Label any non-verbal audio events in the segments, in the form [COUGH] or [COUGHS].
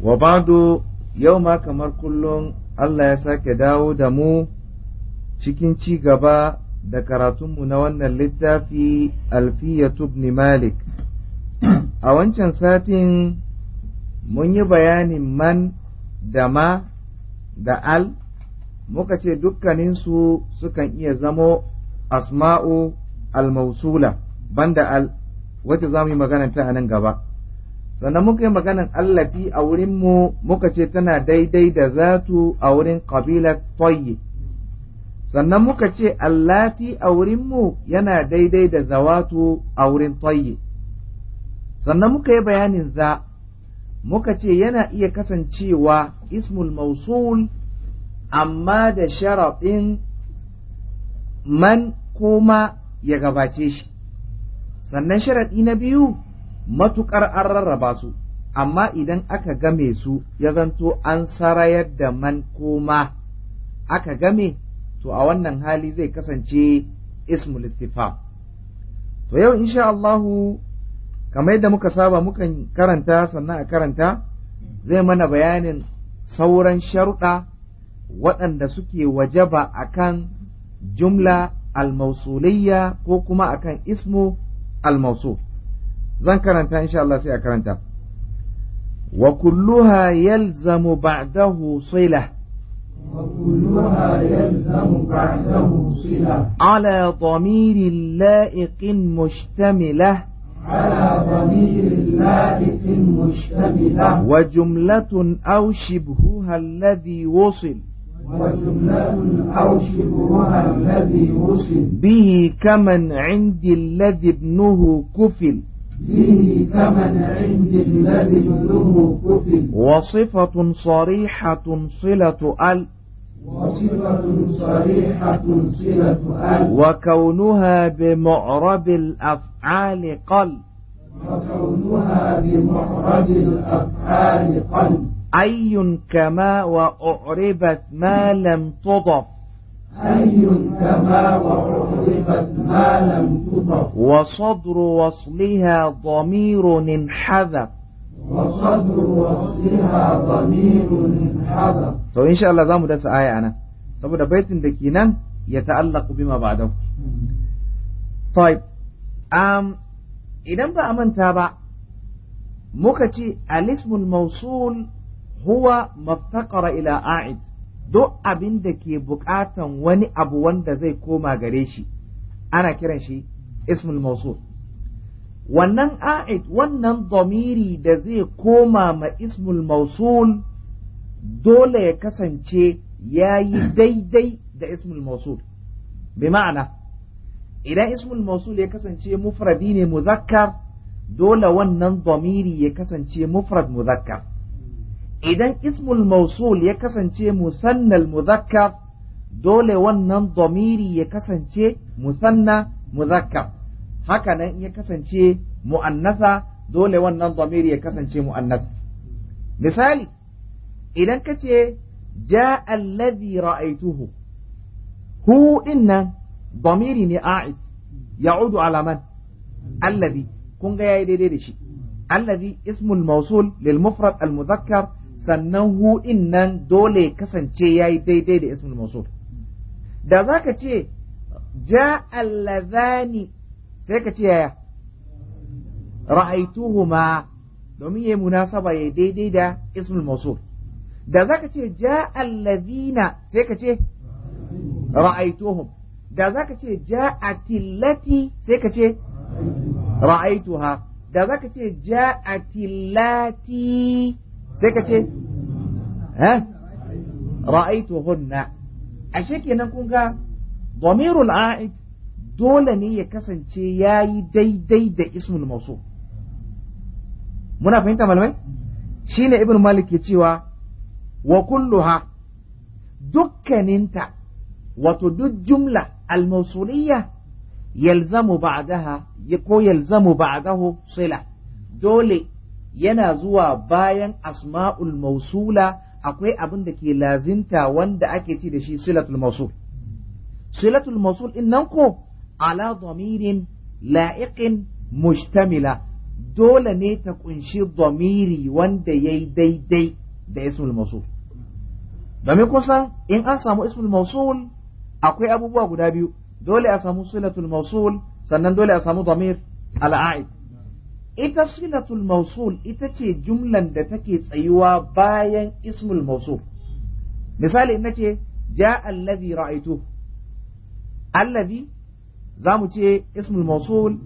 wa bado yau ma kamar kullum Allah ya sake dawo da mu cikin ci gaba da karatunmu na wannan littafi alfiyatu ibn malik a wancan satin mun yi bayanin man da ma da al muka ce dukkaninsu sukan iya zamo asma'u al-mausula banda al wacce za mu yi magana a nan gaba sannan muka yi maganan allati a wurinmu muka ce tana daidai da zatu a wurin ƙabilar toyi sannan muka ce allati a wurinmu yana daidai da zawatu a wurin toyi sannan muka yi bayanin za muka ce yana iya kasancewa ismul mausul amma da sharaɗin man kuma ya gabace shi sannan sharaɗi na biyu matuƙar an rarraba su amma idan aka game su ya zanto an sarayar da man koma aka game to a wannan hali zai kasance ismul istifam to yau insha Allahu kamar yadda muka saba mukan karanta sannan a karanta zai mana bayanin sauran sharuɗa waɗanda suke wajaba akan jumla almausuliyya ko kuma akan ismu almausul zan karanta insha Allah sai a karanta wa kulluha yalzamu ba'dahu silah وكلها يلزم بعده صلة على ضمير لائق مشتملة على ضمير لائق مشتملة وجملة أو شبهها الذي وصل وجملة أو شبهها الذي وصل به كمن عند الذي ابنه كفل كمن عند الذي وصفة صريحة صلة ال وصفة صريحة صلة ال وكونها بمعرب الأفعال قل وكونها بمعرب الأفعال قل أي كما وأعربت ما لم تضف حي كما وحذفت ما لم تطف وصدر وصلها ضمير انحذف وصدر وصلها ضمير انحذف تو ان شاء الله زامو داس آية أنا saboda baitin da kenan ya ta'allaku bima ba'dahu طيب um, idan ba a manta ba muka ce alismul mausul huwa maftaqara ila a'id duk abin da ke buƙatan wani abu wanda zai koma gare shi ana kiran shi ismul mausul wannan a'id wannan domiri da zai koma ma ismul mausul dole ya kasance ya yi daidai da ismul mausul bi ma'ana idan ismul mausul ya kasance mufradi ne muzakkar dole wannan domiri ya kasance mufrad muzakkar idan ismul mausul ya kasance musannal muzakkar dole wannan domiri ya kasance musanna muzakkar haka nan ya kasance mu'annasa dole wannan domiri ya kasance mu'annas misali idan ka ce ja allazi ra'aituhu hu dinnan domiri ne a'id ya'udu ala alaman. allazi kun ga yayi daidai da shi allazi ismul mausul lil mufrad al muzakkar sannan hu nan dole kasance ya yi daidai da ismul mawsuf da za ka ce ja allazani sai ka ce yaya ra'aituhuma domin ya yi munasaba yayi daidai da ismul mawsuf da za ka ce ja allazina sai ka ce ra'aituhum da za ka ce ja'atil lati sai ka ce ra'aituha da za ka ce ja'atil lati sai ka ce eh, ra'aitu hunna ashe kenan kun ga dhamirul a'id dole ne ya kasance yayi daidai da ismul mawsuf muna fahimta malamai shine ibn malik ya cewa wa kulluha dukkaninta wato duk jumla al yalzamu ba'daha ko yalzamu ba'dahu sila dole yana zuwa bayan asma'ul mausula akwai abin da ke lazinta wanda ake ci da shi silatul mausul silatul mausul din nan ko ala domirin la'iqin Mushtamila, dole ne ta kunshi domiri wanda yayi daidai da ismul mausul domin kusan in an samu ismul mausul akwai abubuwa guda biyu dole a samu silatul mausul sannan dole a samu domir al'aid ita silatul mausul ita ce jumlan da take tsayuwa bayan ismul mausul misali ina ce ja allazi ra'aitu allazi zamu ce ismul mausul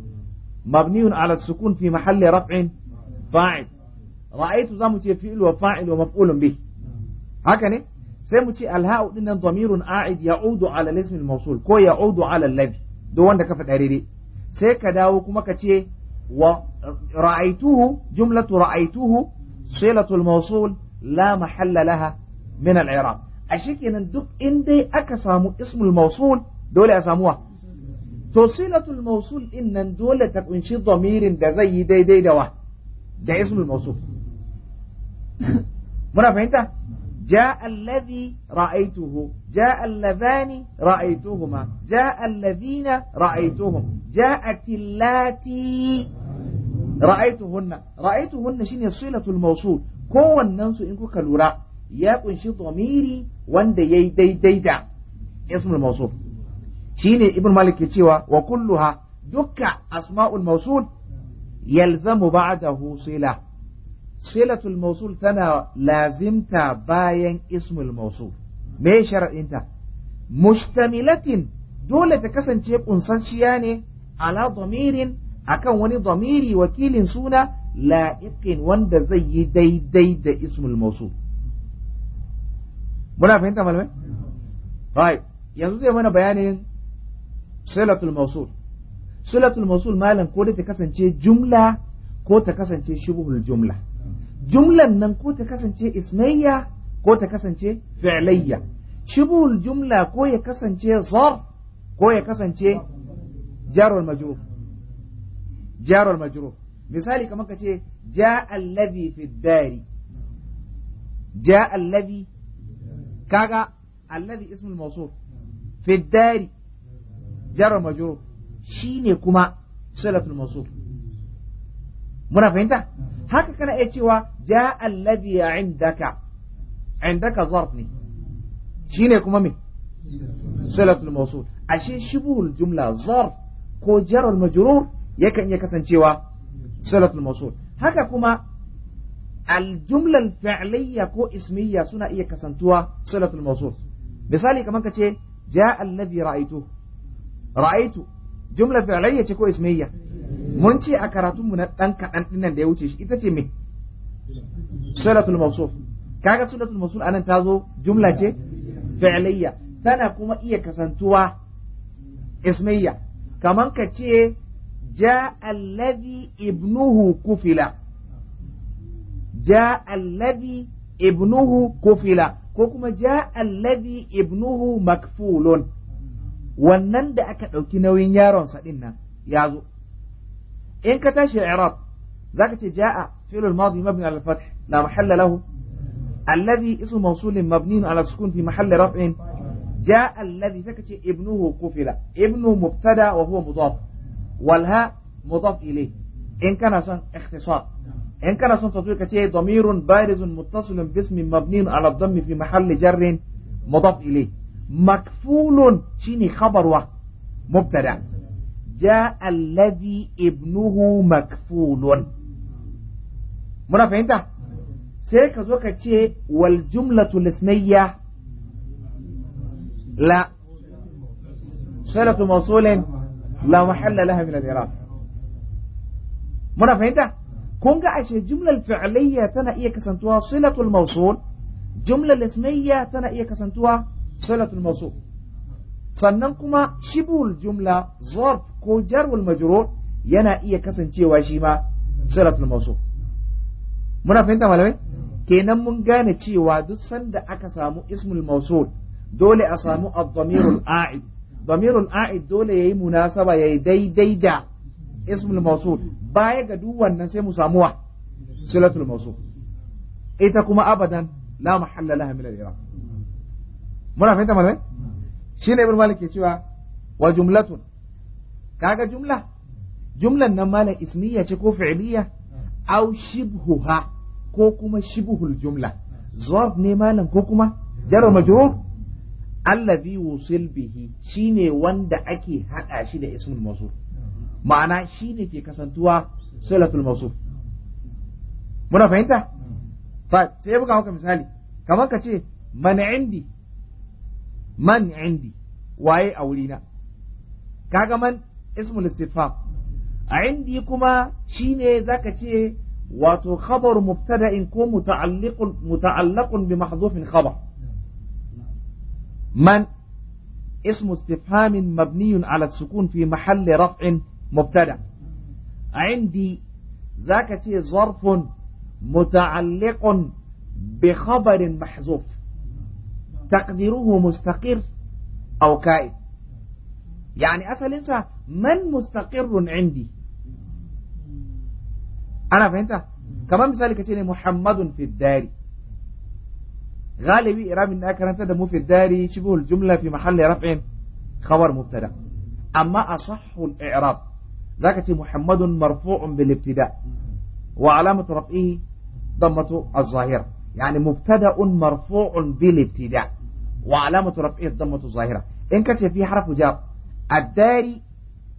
mabniun ala sukun fi mahalli raf'in fa'il ra'aitu zamu ce fi'il wa fa'il wa maf'ulun bih haka ne sai mu ce alha'u ɗinan zamirun dhamirun a'id ya'udu ala ismul mausul ko ya'udu ala allazi duk wanda ka faɗa daidai sai ka dawo kuma ka ce ورأيته جملة رأيته صلة الموصول لا محل لها من العراق عشان كده ندق إن دي أكسامو اسم الموصول دول تو صلة الموصول إن دول تكون شي ضمير ده زي دي دي دوا ده اسم الموصول [LAUGHS] منا فهمت جاء الذي رأيته جاء اللذان رأيتهما جاء الذين رأيتهم جاءت اللاتي ra'aituhunna ra'aituhunna shine silatul mawsul kowannen su in kuka lura ya kunshi dhamiri wanda yayi daidai da ismul mawsul shine ibn malik ke cewa wa kulluha dukka asma'ul mawsul yalzamu ba'dahu sila silatul mawsul tana lazimta bayan ismul mawsul me shar'inta mushtamilatin dole ta kasance kunsanciya ne ala dhamirin akan wani zamiri wakilin suna la'iqin wanda zai yi daidai da ismul mausul muna fahimta malamai right yanzu zai mana bayanin silatul mausul silatul mausul malam ko da ta kasance jumla ko ta kasance shubuhul jumla jumlan nan ko ta kasance ismayya ko ta kasance fi'layya shubuhul jumla ko ya kasance zarf ko ya kasance jarul majrur jarul majrur misali kamar ka ce ja allazi fi dari ja allazi kaga allazi ismul mawsuf fi dari jarul majrur shine kuma silatul mawsuf muna fahimta haka kana iya cewa ja allazi indaka indaka zarf ne shine kuma me silatul mawsuf ashe shibhul jumla zarf ko jarul yakan iya kasancewa silatul mawsul haka kuma aljumlal fi'liyya ko ismiyya suna iya kasantuwa silatul mawsul misali kamar kace ja annabi ra'aitu ra'aitu jumla fi'liyya ce ko ismiyya mun ce a karatun mu na dan kadan dinnan da ya wuce shi ita ce me silatul mawsul kaga silatul mawsul anan ta zo jumla ce fi'liyya tana kuma iya kasantuwa ismiyya kaman kace ce جاء الذي ابنه كفل جاء الذي ابنه كفل ko kuma ja allazi ibnuhu makfulun wannan da aka ɗauki nauyin yaronsa ɗin nan ya zo in ka tashi i'rab zaka ce ja'a fi'l al-madi mabni ala al-fath la mahalla lahu allazi ismu mawsul mabni ala sukun fi mahalli raf'in ja'a allazi zaka ce ibnuhu kufila ibnu mubtada wa huwa mudaf والهاء مضاف إليه إن كان سن اختصار إن كان سن تطوير كتير ضمير بارز متصل باسم مبني على الضم في محل جر مضاف إليه مكفول شيني خبر و مبتدع جاء الذي ابنه مكفول منافع انت سيرك ka zo والجملة الاسمية لا صلة موصول لا محل لها من الإرادة منافع فهمت كون قاعش الجملة الفعلية تنا إيه كسنتوا صلة الموصول جملة الاسمية تنا إيه كسنتوا صلة الموصول صننكما شبول جمله ظرف كوجر والمجرور ينا إيه كسنتي واجيما صلة الموصول منافع فهمت ولا بي كينا منغان تشي وادو سند أكسامو اسم الموصول دولي أسامو الضمير الآعد damirul a'id dole yayi munasaba yayi daidai da ismul mawsul baya ga duk wannan sai mu samu wa silatul mawsul ita kuma abadan la mahalla laha min al-i'rab muna fahimta malai shine ibn malik ke cewa wa jumlatun kaga jumla jumlan nan malam ismiya ce ko fi'liya aw shibhuha ko kuma shibhul jumla zarf ne malam ko kuma jar majrur allazi wusil bihi shine wanda ake hada shi da ismul mawsul ma'ana shine ke kasantuwa silatul mawsul muna fahimta fa sai buga maka misali kamar ka ce man indi man indi waye a wurina kaga man ismul istifham a indi kuma shine zaka ce wato khabar mubtada'in ko muta'alliqun muta'allaqun bi mahdhufin khabar من اسم استفهام مبني على السكون في محل رفع مبتدا عندي ذاك ظرف متعلق بخبر محذوف تقديره مستقر أو كائن يعني أسأل إنسان من مستقر عندي أنا فهمت كمان مثال كتير محمد في الدار غالبي إنك النكرة تدم في الداري شبه الجملة في محل رفع خبر مبتدا أما أصح الإعراب ذاك محمد مرفوع بالابتداء وعلامة رفعه ضمة الظاهرة يعني مبتدا مرفوع بالابتداء وعلامة رفعه الضمة الظاهرة إن كتب فيه حرف جار الداري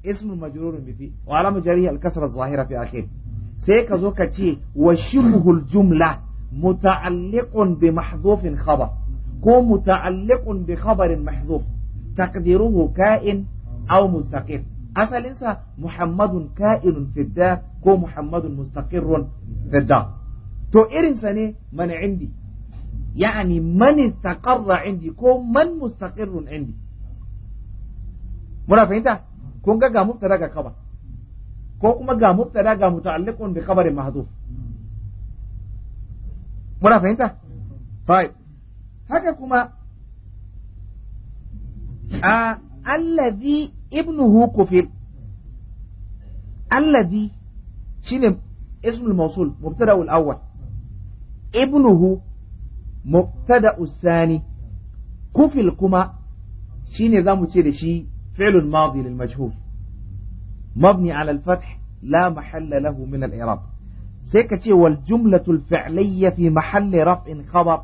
اسم مجرور به وعلامة جاريه الكسرة الظاهرة في آخره سيكزوكتي وشبه الجملة متعلق بمحذوف خبر كو متعلق بخبر محذوف تقديره كائن أو مستقر أصل إنسى محمد كائن في الدار كو محمد مستقر في الدار تو إرنسى ني من عندي يعني من استقر عندي كو من مستقر عندي muna fahimta kun ga ga mubtada ga khabar ko kuma ga mubtada ga muta'alliqun bi khabarin mahdhuf muna fahimta Fai. haka kuma a allazi ibnu kufir allazi shine ismul mawsul mubtada al-awwal hu, mubtada usani, kufil kuma shine zamu ce da shi fi'lun madi lil majhul mabni ala al-fath la mahalla lahu min al-i'rab sai ka ce wal jumlatul fi'liyya fi mahalli raf'in khabar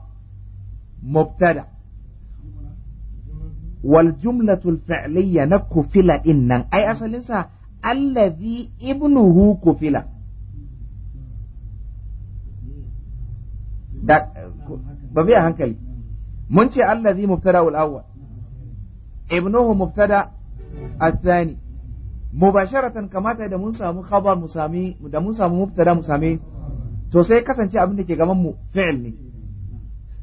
mubtada wal jumlatul fi'liyya na kufila din nan ai asalin sa allazi ibnuhu kufila da ba biya hankali mun ce allazi mubtada al awwal ibnuhu mubtada الثاني مباشرة كما تدى موسى مخبر مسامي مدى موسى مبتدى مسامي تو سي كسن تي أبن كي غمم فعل ني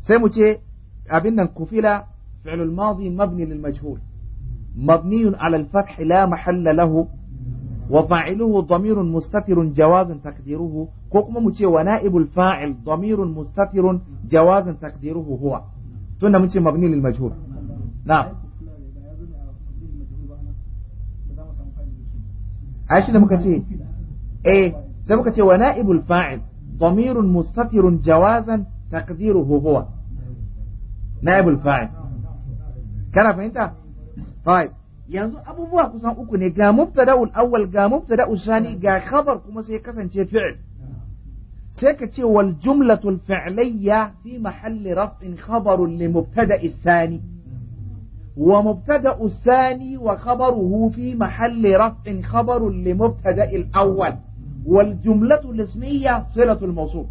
سي مو تي أبن كفلا فعل الماضي مبني للمجهول مبني على الفتح لا محل له وفاعله ضمير مستتر جواز تقديره كوك مو تي ونائب الفاعل ضمير مستتر جواز تقديره هو تو نمو تي مبني للمجهول نعم a shi da muka ce eh sai muka ce wa na'ibul fa'il damirun mustatirun jawazan taqdiruhu huwa na'ibul fa'il kana fahimta طيب yanzu abubuwa kusan uku ne ga mubtada'ul awwal ga mubtada'ul sani ga khabar kuma sai kasance fi'il sai ka ce wal jumlatul fi'liyya fi mahalli raf'in khabarun li mubtada'i thani ومبتدا الثاني وخبره في محل رفع خبر لمبتدا الاول والجملة الاسمية صلة الموصول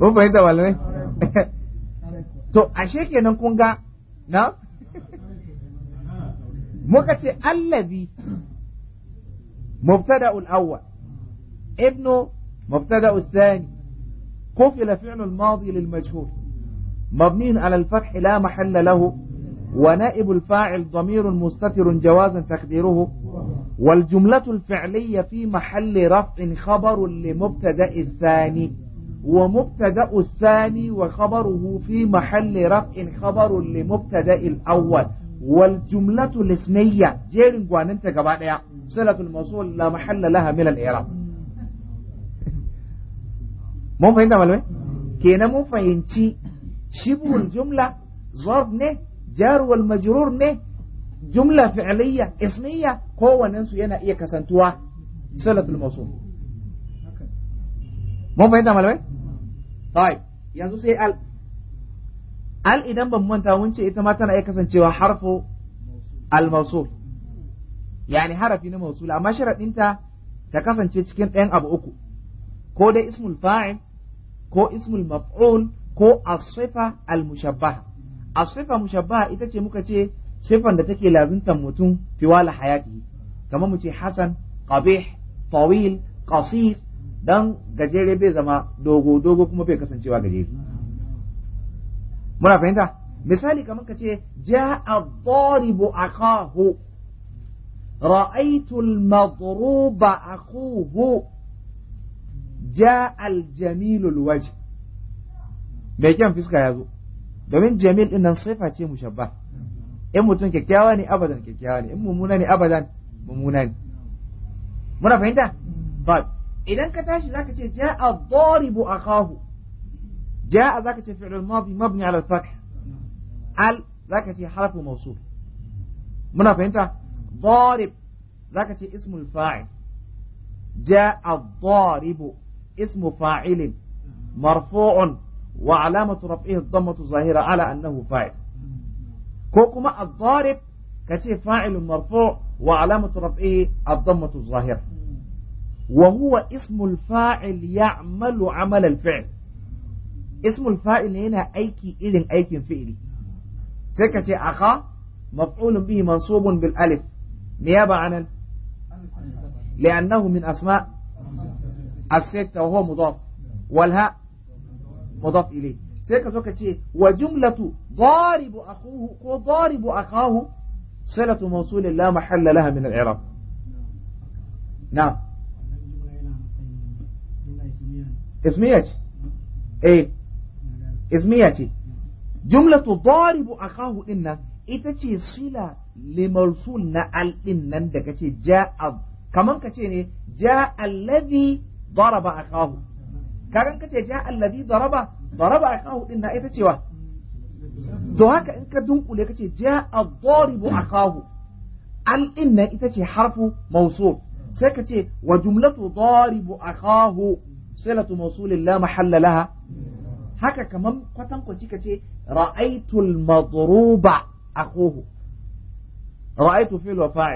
مو فهمت ولا ايه تو اشيك كده نكون جا نا مكتي الذي مبتدا الاول ابنه مبتدا الثاني كفل فعل الماضي للمجهول مبني على الفتح لا محل له ونائب الفاعل ضمير مستتر جوازا تقديره والجملة الفعلية في محل رفع خبر لمبتدأ الثاني ومبتدأ الثاني وخبره في محل رفع خبر لمبتدأ الأول والجملة الاسمية جيرن جوان انت جبعنا صلة الموصول لا محل لها من الإعراب mun fahimta malamai kenan mun fahimci shibul jumla zarf ne jarwal majrur ne jumla fi'liya ismiya kowannen su yana iya kasantuwa salatul mawsul mun fahimta malamai طيب yanzu sai al al idan ban manta mun ce ita ma tana iya kasancewa harfu al mawsul yani harafi na mawsul amma sharadin ta ta kasance cikin ɗayan abu uku ko dai ismul fa'il ko ismul maf'ul ko asifa al mushabbaha asifa mushabbaha ita ce muka ce sifan da take lazuntan mutum fi wala hayati kamar mu ce hasan qabih tawil qasir dan gajere bai zama dogo dogo kuma bai kasancewa gajere muna fahimta misali kamar ka ce ja'a ad-daribu akahu ra'aytu al-madruba akuhu ja aljamilul waje mai kyan fuska ya zo domin jamil din nan sifa ce mushabba in mutum kyakkyawa ne abadan kyakkyawa ne in mummuna ne abadan mummuna ne muna fahimta hmm. ba idan ka tashi zaka ce ja ad akahu ja zaka ce fi'l madi mabni ala al-fath al zaka ce harfu mawsuf muna fahimta darib zaka ce ismul fa'il ja ad اسم فاعل مرفوع وعلامة رفعه الضمة ظاهرة على أنه فاعل كوكما الضارب كتير فاعل مرفوع وعلامة رفعه الضمة الظاهرة وهو اسم الفاعل يعمل عمل الفعل اسم الفاعل هنا أيكي إذن أيكي فئلي سكتي أخا مفعول به منصوب بالألف نيابة عن لأنه من أسماء الستة وهو مضاف والهاء مضاف إليه سيكا سوكا شيء وجملة ضارب أخوه وضارب أخاه صلة موصول لا محل لها من العراق نعم اسمياتي ايه اسمياتي جملة ضارب أخاه إن إتتي صلة لموصول نأل إن عندك جاء كمان كتير جاء الذي daraba akahu kagan kace ja allazi daraba daraba akahu din na ita cewa to haka in ka dunkule kace ja ad-daribu akahu al inna ita ce harfu mawsul sai kace wa jumlatu daribu akahu silatu mawsulin la mahalla laha haka kaman kwatankwaci kace ra'aytul madruba akuhu ra'aytu fil wa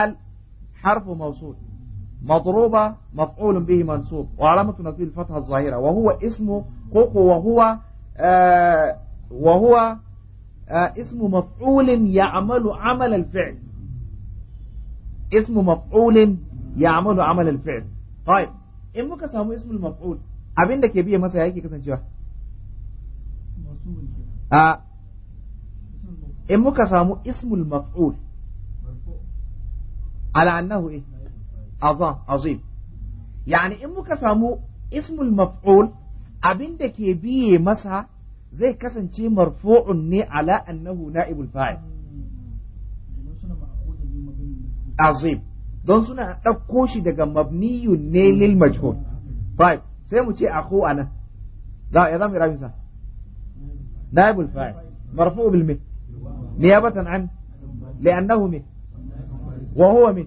al harfu mawsul مضروبة مفعول به منصوب وعلامة نصبه الفتحة الظاهرة وهو اسم قوق وهو آه وهو آه اسم مفعول يعمل عمل الفعل اسم مفعول يعمل عمل الفعل طيب in muka samu ismul maf'ul abin da ke biye masa yake kasancewa a in muka samu اسم المفعول آه. على انه ايه عظيم يعني إن مكسامو اسم المفعول أبين دك يبيه مسا زي كسن شي مرفوع ني على أنه نائب الفاعل عظيم دون سنة أكوشي دك مبني ني للمجهول طيب سيمو شي أخو أنا لا يا دامي رابي سا نائب الفاعل مرفوع بالمي نيابة عن لأنه مي وهو مي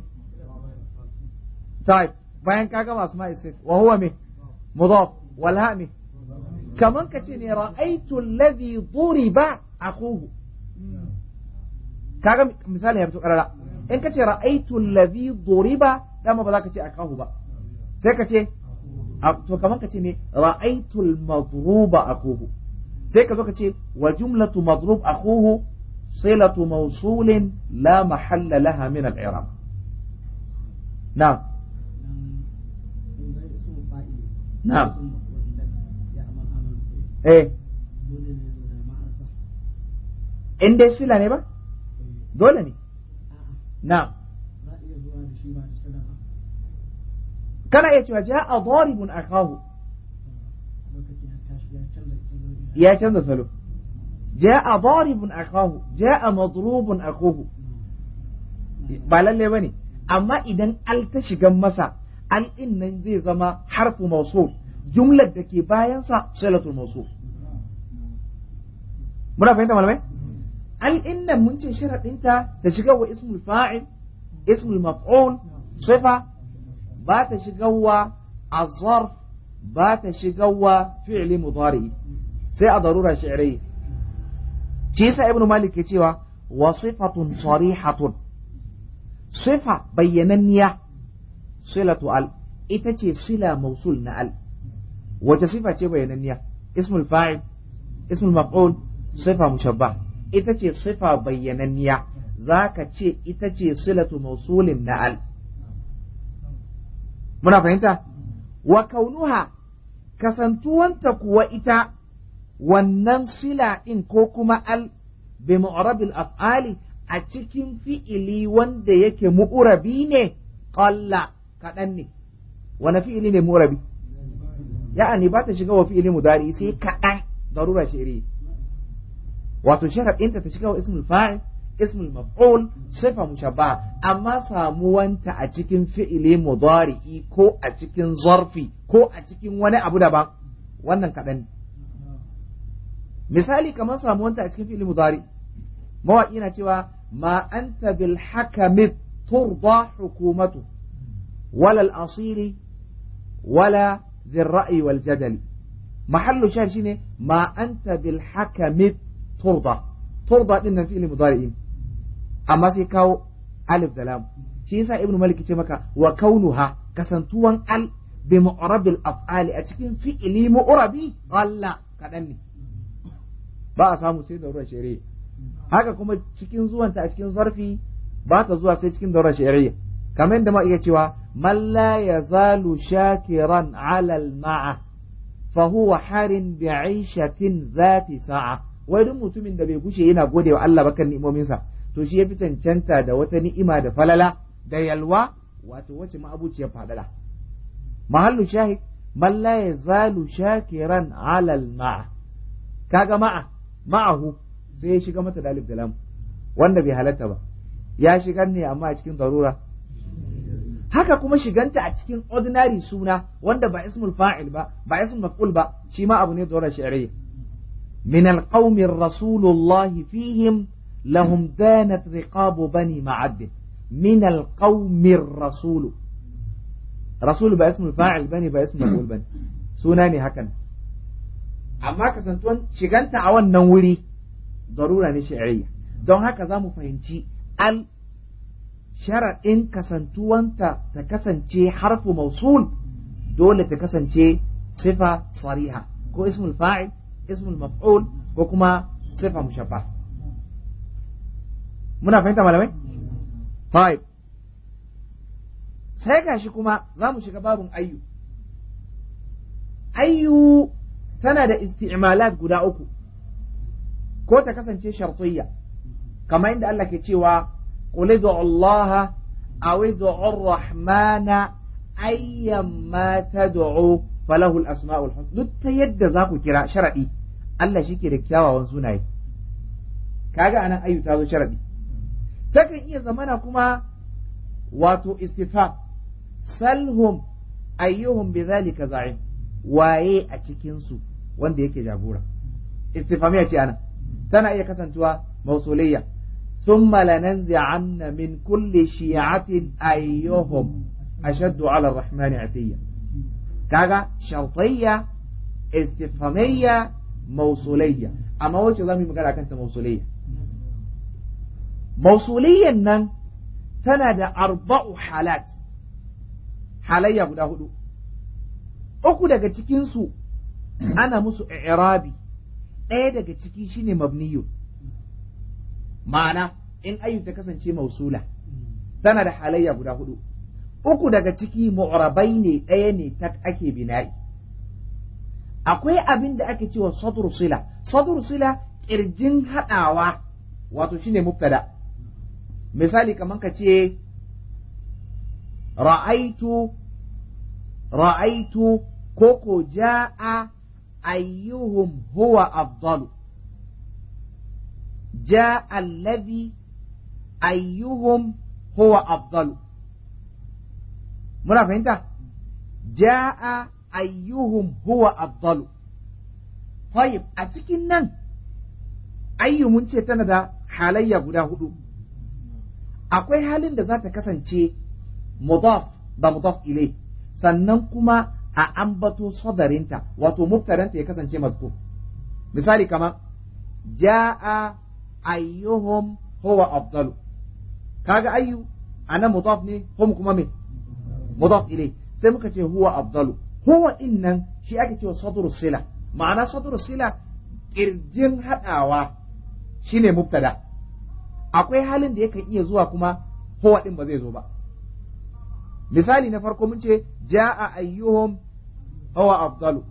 طيب bayan ka ga su ma'isif wa huwa me mudaf wal ha me kaman kace ne ra'aytu alladhi misali ya fito karara in kace ra'aytu alladhi duriba dama ba za ka ce akahu ba sai ka ce to kaman kace ne ra'aytu sai wa jumlatu mazru akhuhu صلة موصول لا محل لها من الإعراب نعم na'am eh in sila ne ba dole ne na'am kana iya cewa ja a zaribun akahu ya canza salo ja a zaribun akahu ja a madrubun akahu ba lalle ba amma idan al ta shigan masa an nan zai zama harfu mausul jumlar da ke bayansa silatul mausul muna fahimta malamai al din mun ce sharadinta ta shiga wa ismul fa'il ismul maf'ul sifa ba ta shiga wa azarf ba ta shiga wa fi'li mudari sai a darura shi'ri shi yasa ibnu malik ke cewa wa sifatun sarihatun sifa bayyananniya silatu al ita ce sila mausul na al wace sifa ce bayananniya ismul fa'il ismul maf'ul sifa mushabba ita ce sifa bayyananniya zaka ce ita ce silatu mausulin na al muna fahimta wa kaunuha kasantuwanta kuwa ita wannan sila ɗin ko kuma al bi mu'rabil af'ali a cikin fi'ili wanda yake mu'urabi ne qalla kaɗan ne wani fi'ili ne murabi ya'ani ba ta shiga wa fi'ili mudari sai kaɗan darura shi'iri wato sharaɗinta ta shiga wa ismul fa'il ismul maf'ul sifa mushabba amma samuwanta a cikin fi'ili mudari'i ko a cikin zarfi ko a cikin wani abu daban wannan kaɗan ne misali kamar samuwanta a cikin fi'ili mudari mawaƙi na cewa ma anta bil hakami turda hukumatu ولا الأصيل ولا ذي الرأي والجدل محل شاهدين ما أنت بالحكم ترضى ترضى إن في المضارئين أما سيكاو ألف دلام شيسا ابن مالك تيمكا وكونها كسنتوان أل بمعرب الأفعال أتكين في إليم أرابي غلا كأني با سامو سيدة دورة شعرية هكا كما تكين زوان تأتكين ظرفي با تزوى سيد دورة شعرية kamar da ma iya cewa man la yazalu shakiran ala ma'a fa huwa harin bi aishatin zati sa'a wai duk mutumin da bai gushe yana gode wa Allah bakan ni'imominsa to shi yafi cancanta da wata ni'ima da falala da yalwa wato wace ma'abuciyar fadala mahallu shahid man la yazalu shakiran ala ma'a kaga ma'a ma'ahu sai ya shiga mata dalib da lamu, wanda bai halatta ba ya shigar ne amma a cikin darura haka kuma shiganta a cikin ordinary suna wanda ba ismul fa'il ba ba ismul maf'ul ba shi ma abu ne zuwa shari'a min alqawmi rasulullahi fihim lahum danat riqabu bani ma'ad min alqawmi rasul rasul ba ismul fa'il bani ba ismul maf'ul bani suna ne hakan amma kasantuwan shiganta a wannan wuri darura ne shari'a don haka zamu fahimci al sharaɗin kasantuwanta ta kasance harfu mausul dole ta kasance sifa sariha ko ismul fa'il ismul maf'ul ko kuma sifa mushabba muna fahimta malamai fa'il sai gashi kuma za mu shiga babun ayyu ayyu tana da isti'malat guda uku ko ta kasance shartiyya kamar inda Allah ke cewa قل ادعوا الله أو ادعوا الرحمن أيما تدعوا فله الأسماء الحسنى duk ta yadda za ku kira sharaɗi Allah shi ke da kyawawan sunaye kaga anan ayu ta sharaɗi takan iya zamana kuma wato istifam salhum ayyuhum waye a cikinsu. wanda yake jagora istifamiya ce anan tana iya kasantuwa mausuliya ثم لننزعن من كل شيعة أيهم أشد على الرحمن عتيا كاغا شرطية استفهامية موصولية أما وجه ظامي مقال أنت موصولية موصولية أن تند أربع حالات حالية قد أهدو أكو دقا تكينسو أنا مسو إعرابي إيه داك ciki مبنيون ma'ana in ayyu ta kasance mausula tana da halayya guda hudu uku daga ciki mu'rabai ne ɗaya ne ta ake bina'i akwai abin da ake cewa sadru sila sadru sila kirjin haɗawa wato shine mubtada misali kamar ka ce ra'aitu ra'aitu koko ja'a ayyuhum huwa afdalu جاء الذي أيهم هو أفضل muna fahimta ja'a ayyuhum huwa afdalu tayyib a cikin nan ayyu mun ce tana da halayya guda hudu akwai halin da zata kasance mudaf ba mudaf ilai sannan kuma a ambato sadarinta wato mubtadanta ya kasance mazkur misali kamar ja'a ayyuhum huwa afdalu kaga ayyu ana mudaf ne hum kuma me mudaf ilay sai muka ce huwa afdalu huwa innan shi ake cewa sadru sila ma'ana sadru sila kirjin hadawa shine mubtada akwai halin da yakan iya zuwa kuma huwa din ba zai zo ba misali na farko mun ce jaa ayyuhum huwa afdalu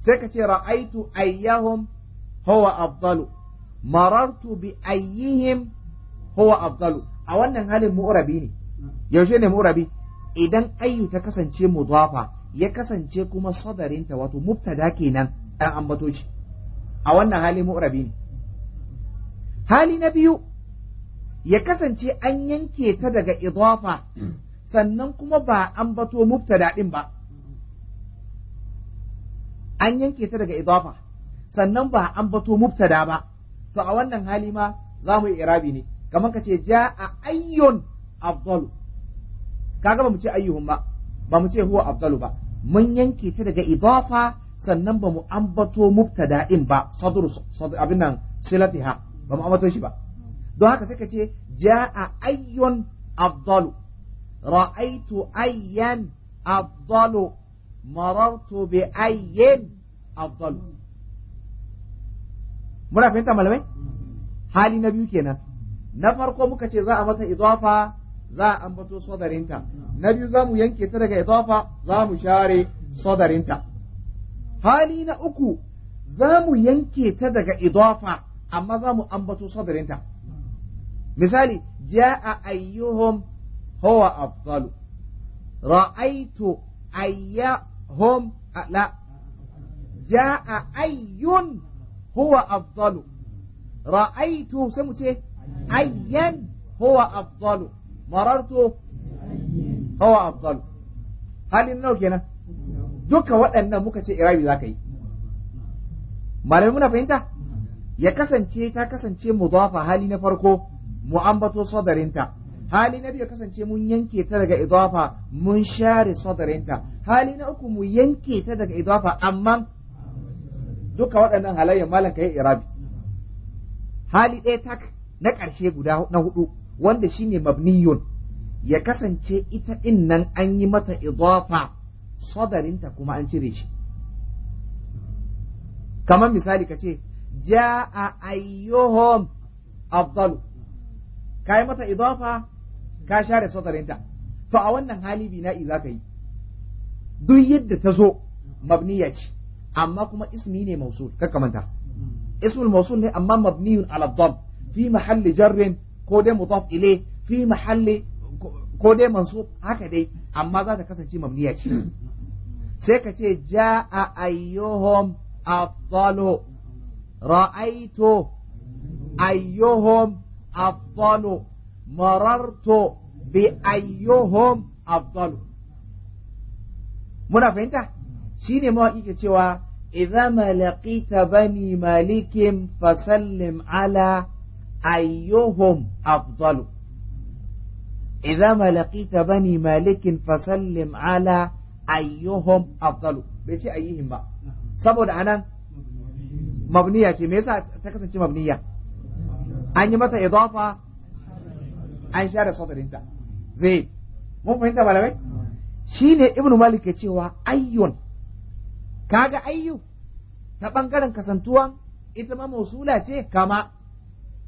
sai ka ce ra'aitu ayyahum huwa afdalu marartu bi ayyihim huwa afdalu a wannan halin mu'rabi ne yaushe ne mu'rabi idan ayyu ta kasance mudafa ya kasance kuma sadarinta wato mubtada kenan an ambato shi a wannan hali mu'rabi ne hali na biyu ya kasance an yanke ta daga idafa sannan kuma ba ambato mubtada din ba an yanke ta daga idafa sannan ba ambato bato mubtada ba to a wannan hali ma za mu yi irabi ne kamar ka ce ja a ayyun afdalu kaga ba mu ce ayyuhun ba ba mu ce huwa Abdul ba mun yanke ta daga idafa sannan ba mu ambato mubtada'in ba sadr abin nan silatiha ba mu ambato shi ba don haka sai ka ce a ayyun Abdul, ra'aitu ayyan afdalu marartu bi ayyin Abdul. muna fahimta malamai hali na biyu kenan na farko muka ce za a mata idafa za a ambato sodarinta na biyu za mu yanke ta daga idafa za mu share sodarinta hali na uku za mu yanke ta daga idafa amma za mu ambato sodarinta misali ja'a ayyuhum huwa afdalu ra'aitu ayyahum la ja'a ayyun huwa afdalu ra'aitu sai mu ce ayyan huwa afdalu marartu huwa afdalu halin nau kenan duka waɗannan muka ce irabi zaka yi malami muna fahimta ya kasance ta kasance mudafa hali na farko mu ambato sadarinta hali na biyu kasance mun yanke ta daga idafa mun share sadarinta hali na uku mu yanke ta daga idafa amma duka waɗannan halayyar malam ka yi irabi hali ɗaya tak na ƙarshe guda na hudu wanda shine mabniyun ya kasance ita ɗin nan an yi mata idafa sadarinta kuma an cire shi kamar misali ka ce ja'a ayyuhum afdalu ka yi mata idafa ka share sadarinta to a wannan hali na'i za ka yi duk yadda ta zo mabniya ce أما كما اسمه هنا موصول كمان ده اسم الموصول هنا أما مبني على الضرب في محل جر كوده مضاف إليه في محل كوده منصوب هكذا أما ذات كسر مبنية سيكتي جاء أيهم أفضل رأيت أيهم أفضل مررت بأيهم أفضل منا فهمت؟ shine ne mawaƙi cewa idza malaqita bani malikin fasallim ala ayyuhum afdalu idza malaqita bani malikin fasallim ala ayyuhum afdalu bai ce ba saboda anan mabniya ce me yasa ta kasance mabniya an yi mata idafa an share sadarinta zai mun fahimta malamai shine ibnu malik ke cewa ayyun kaga ayyu ta ɓangaren kasantuwa ita ma mausula ce kama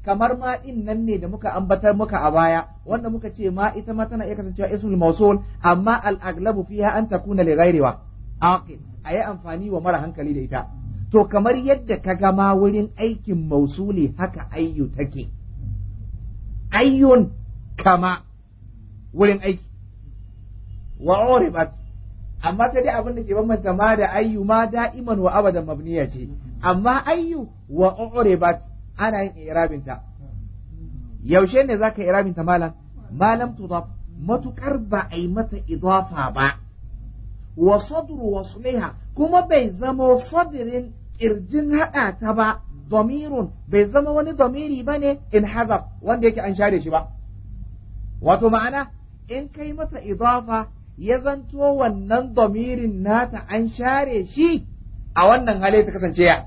kamar ma ɗin nan ne da muka ambatar muka a baya wanda muka ce ma ita ma tana iya kasancewa ismul mausul amma al aglabu fiha an takuna li ghairiwa aqil ayi amfani wa mara hankali da ita to kamar yadda ka ga ma wurin aikin mausuli haka ayyu take ayyun kama wurin aiki wa uribat amma sai dai abin da ke bambanta ma da ayyu ma da'iman wa abadan mabniya ce amma ayyu wa uribat ana yin irabinta yaushe ne zaka irabinta malam malam tudaf matukar ba a yi mata idafa ba wa sadru wasliha kuma bai zama sadrin ƙirjin hada ta ba damirun bai zama wani damiri ne in hazab wanda yake an share shi ba wato ma'ana in kai mata idafa ya zanto wannan domirin nata an share shi a wannan hali ta kasance ya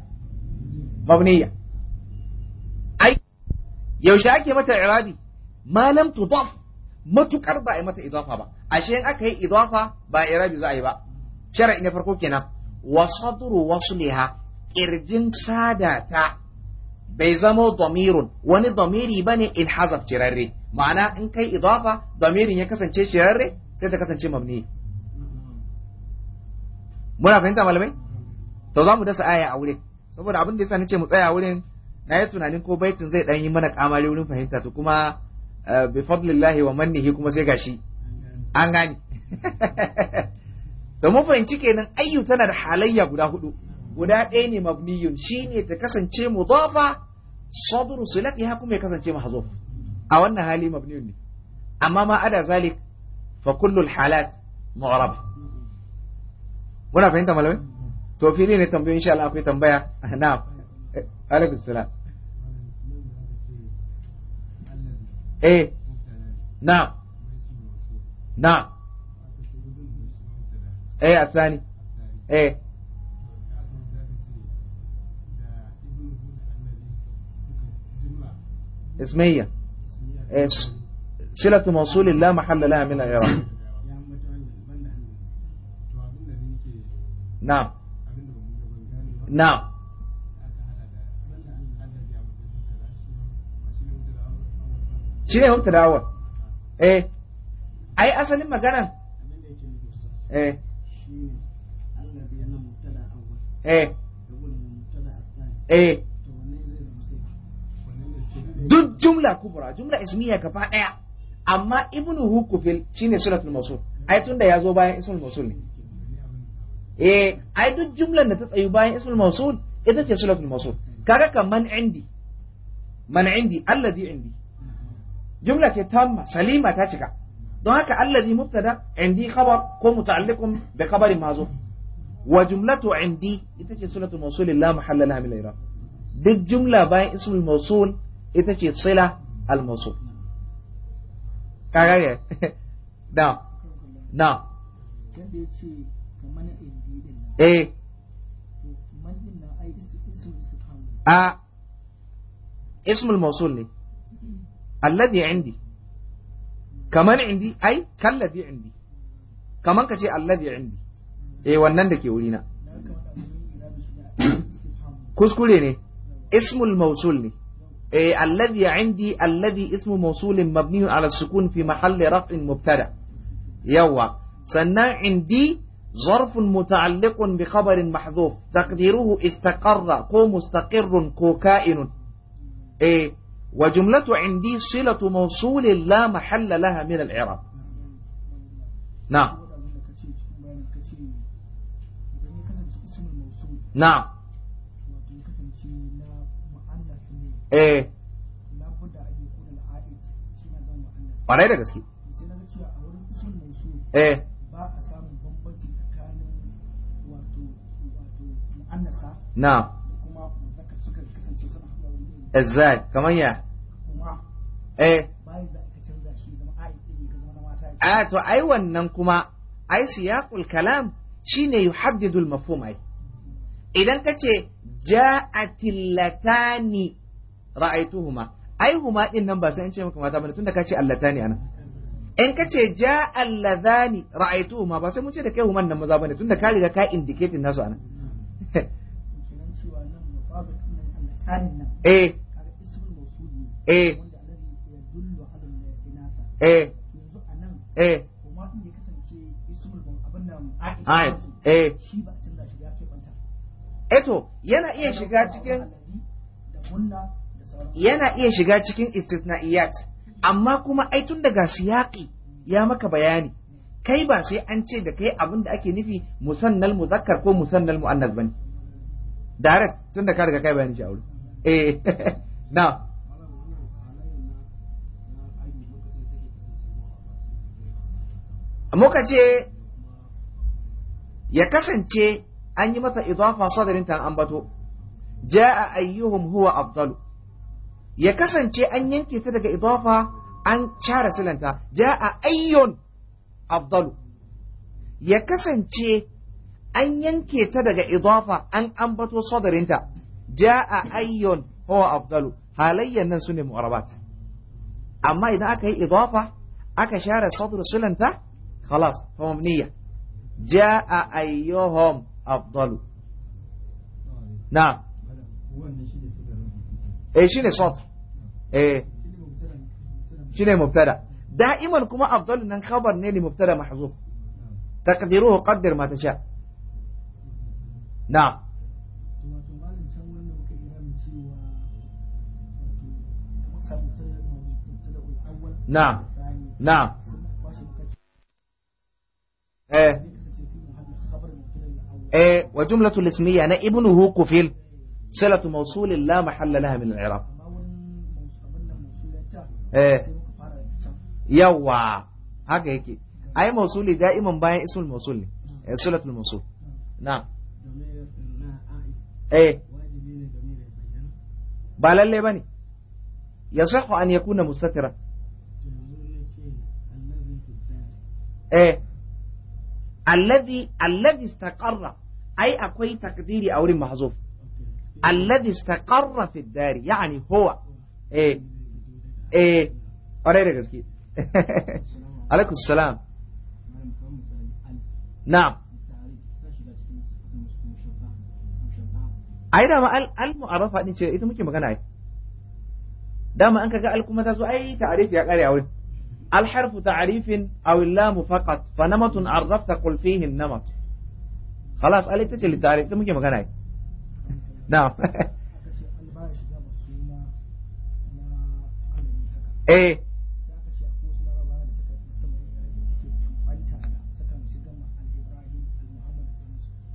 mabniya ai yaushe ake mata irabi malam tudaf matukar ba a yi mata idafa ba ashe in aka yi idafa ba irabi za a yi ba shar'i na farko kenan wa sadru wasliha sada sadata bai zama domirun wani domiri ne in hazaf cirarre ma'ana in kai idafa domirin ya kasance cirarre sai ta kasance mabni muna fahimta malamai to za mu dasa aya a wurin saboda abin da yasa nace mu tsaya a wurin na yi tunanin ko baitin zai ɗan yi mana kamari wurin fahimta to kuma eh, bi fadlillahi wa mannihi kuma sai gashi an gani da [LAUGHS] mu fahimci kenan ayyu tana da halayya guda hudu guda ɗaya ne mabniyun shine ta kasance mudafa sadru silatiha kuma ya kasance mahzuf a wannan hali mabniyun ne amma ma ada zalik فكل الحالات معربة ولا فهمت ما لوين توفيرين التنبيه إن شاء الله في تنبيه [LAUGHS] نعم عليك السلام ايه نعم نعم ايه الثاني ايه اسمية اسمية silatu mawsulin la mahalla laha min ghayra na'am na'am shi ne hukta dawa eh ai asalin maganan eh eh eh duk jumla kubra jumla ismiya gaba daya amma ibnu hukufil shine suratul mawsul ai tunda ya zo bayan ismul mawsul ne eh ai duk jumlar da ta tsayu bayan ismul mawsul ita ce suratul mawsul kaga kan man indi man indi allazi indi jumla ce tamma salima ta cika don haka allazi mubtada indi khabar ko muta'alliqun bi khabarin mazo wa jumlatu indi ita ce suratul mawsul la mahalla laha min duk jumla bayan ismul mawsul ita ce sila al-mawsul ka gane da [LAUGHS] da eh. a ismul mausul ne alladhi indi kaman indi ai kalladhi indi kaman ka ce alladhi indi eh, wannan da ke wurina [COUGHS] kuskure ne ismul mausul ne إيه الذي عندي الذي اسم موصول مبني على السكون في محل رفع مبتدا يوا سنا عندي ظرف متعلق بخبر محذوف تقديره استقر كو مستقر كو كائن إيه وجملة عندي صلة موصول لا محل لها من الإعراب نعم نعم eh ƙwarai da gaske eh ba a bambanci tsakanin wato na kuma zakar suka kasance suna wani exact kamar ya kuma eh bayan ah, da aka canza shi zama a'i ɗin ga mata a to ai wannan kuma ai siyaqul kalam shine yuhaddidu Idan mafhum ai idan kace ja'atil latani ra'aituhuma ai huma din nan ba sai an ce maka mata bane tunda ka ce allatani anan in ka ce ja alladhani ra'aituhuma ba sai mun ce da kai human nan maza bane tunda ka riga ka indicate nasu anan eh eh eh eh eto eh. eh. eh yana iya shiga cikin yana iya shiga cikin istithna'iyat amma kuma ai tun daga siyaki ya maka bayani kai ba sai an ce da kai abin da ake nufi musannal muzakkar ko musannal mu'annas bane direct tun da ka riga kai bayani shi aure eh [LAUGHS] na muka ce ya kasance an yi masa idafa sadarin an ambato ja'a ayyuhum huwa afdalu ya kasance an yanke ta daga idafa an cara silanta ja a ayyun afdalu ya kasance an yanke ta daga idafa an ambato sadarinta a ayyun huwa afdalu halayyan nan sune mu'arabat amma idan aka yi idafa aka share sadr silanta خلاص فهمنية جاء أيهم أفضل نعم ايه شنو سطر ايه شنو مبتدا دائما كما افضل ان خبر نيلي مبتدا محذوف تقدروه قدر ما تشاء نعم نعم نعم ايه ايه وجمله الاسميه انا ابنه كفيل صلة موصول لا محل لها من العراق ايه يوا هكا هيك اي موصول دائما باين اسم الموصول إيه، صلة الموصول نعم ايه بالا اللي بني يصح ان يكون مستترا ايه الذي الذي استقر اي اكوي تقديري اوري محذوف الذي استقر في الدار يعني هو ايه ايه عليك [LAUGHS] عليكم السلام نعم ايضا ما قال المعرفه ان شيء ده ممكن مغنى دام انك قال لكم ماذا اي تعريف يا قاري او الحرف تعريف او اللام فقط فنمط عرفت قل فيه النمط خلاص قال لي تجي للتعريف ممكن ما مغنى eh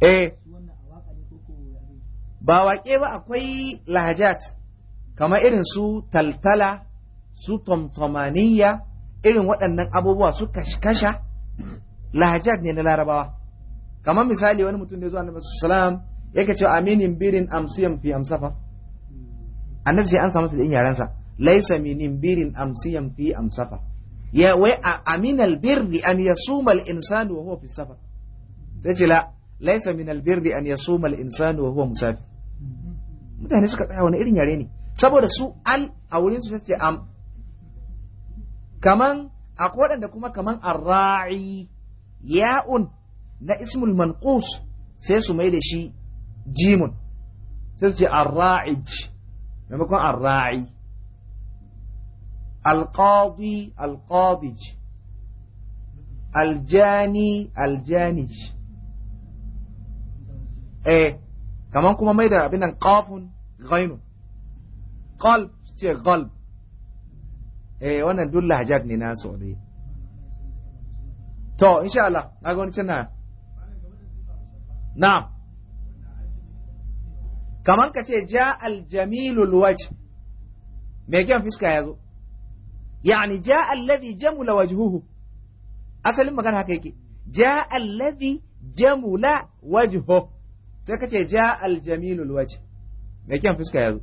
eh ba waƙe ba akwai lahajat kamar irin su taltala su tomtomaniya irin waɗannan abubuwa su kashkasha lahajat ne na larabawa kamar misali wani mutum da zuwa na salam yake cewa aminin birin amsiyan fi amsafa annabi sai an samu su da yaransa laisa minin birin amsiyan fi amsafa ya wai aminal birri an yasuma al-insanu wa huwa fi safar sai ce la laisa minal birri an yasuma al-insanu wa huwa musafir mutane suka tsaya wani irin yare ne saboda su al a wurin su ce am kaman akwai waɗanda kuma kaman arra'i ya'un na ismul manqus sai su mai da shi جيم تنسي الراعج لما يكون الراعي القاضي القاضج الجاني الجانج ايه كمان كما ميدا بنا قاف غين قلب تنسي قلب ايه وانا دول لهجات ناس ودي تو ان شاء الله اقول نعم kaman ka ce ja aljamilul wajh mai kyan fiska ya zo yani ja alladhi jamula wajhuhu asalin magana haka yake ja alladhi jamula wajho sai ka ce ja aljamilul wajh mai kyan fuska ya zo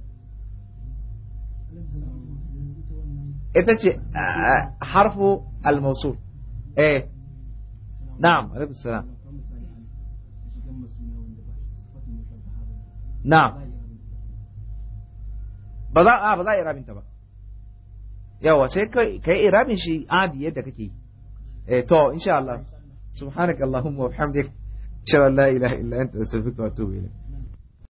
ita ce eh, harfu al-mawsul eh na'am alaikum salam na ba za a ba za a irabin ta ba yawa sai ka irabin shi adi yadda kake eh to insha Allah subhanakallahumma wa bihamdik shalla la ilaha illa anta astaghfiruka wa atubu ilayk